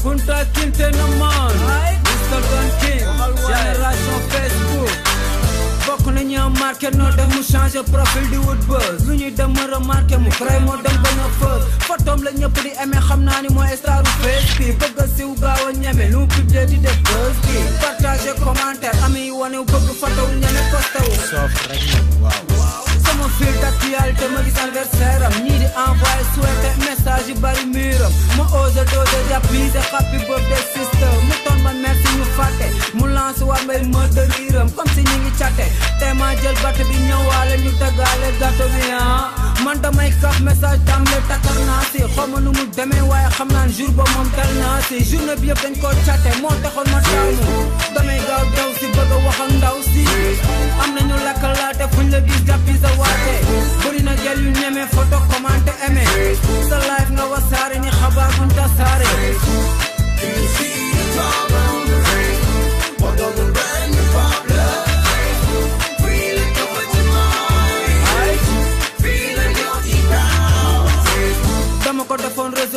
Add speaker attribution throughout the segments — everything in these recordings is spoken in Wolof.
Speaker 1: Kunta Kim Tenaman Mr. Gun King Génération Facebook bokk nañu am marqué noo def mu changé profil di wut buzz lu ñuy dem ma remarqué mu xray moo dem ba nga photom la ñëpp di aimé xam naa ni mooy star bu fees a siw a ñeme lu mu publier di def buzz bi partager commentaire ami yi wane bëgg fotow ñeme posté wu soof rek waaw sama fil d'actualité ma gis anniversaire sister mu toon ma merci ñu fàtte mu lancé waa mbay ma dëriiram si ñu ngi cate te ma jël batt bi ñëwaale ñu daggaale gâteau bi ah man damay kaf message demee waaye xam naan jour ba moom dal naa si journée bi yëpp dañ koo càtte moo taxoon ma taamu damay gaaw daw si bëgg a wax ak ndaw si am nañu lakkalaate fuñ la gis jàppi sa waate bëri na gel yu ñeme photo commande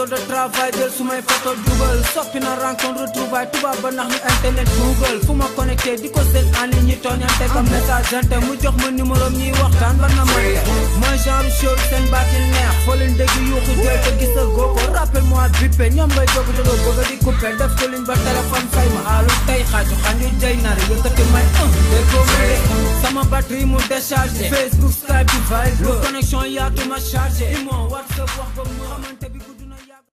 Speaker 1: méthode de su may photo jubal soppi na rencontre retrouvaille tubaab ba nax ñu internet google fu ma connecté di ko sel en ligne ñi tooñante comme messagente mu jox ma numéro ñuy waxtaan war na may mooy genre show seen baat yi neex foo leen dégg yuuxu jooy te gis a goo ko rappel moi bippe ñoom ngay jóg jóg bëgg di coupé def ko liñ ba téléphone fay ma aalu tey xaaju xanju jay nar yëkkati may un bi vibe connexion yaatu ma chargé imo WhatsApp wax ko mu xamante bi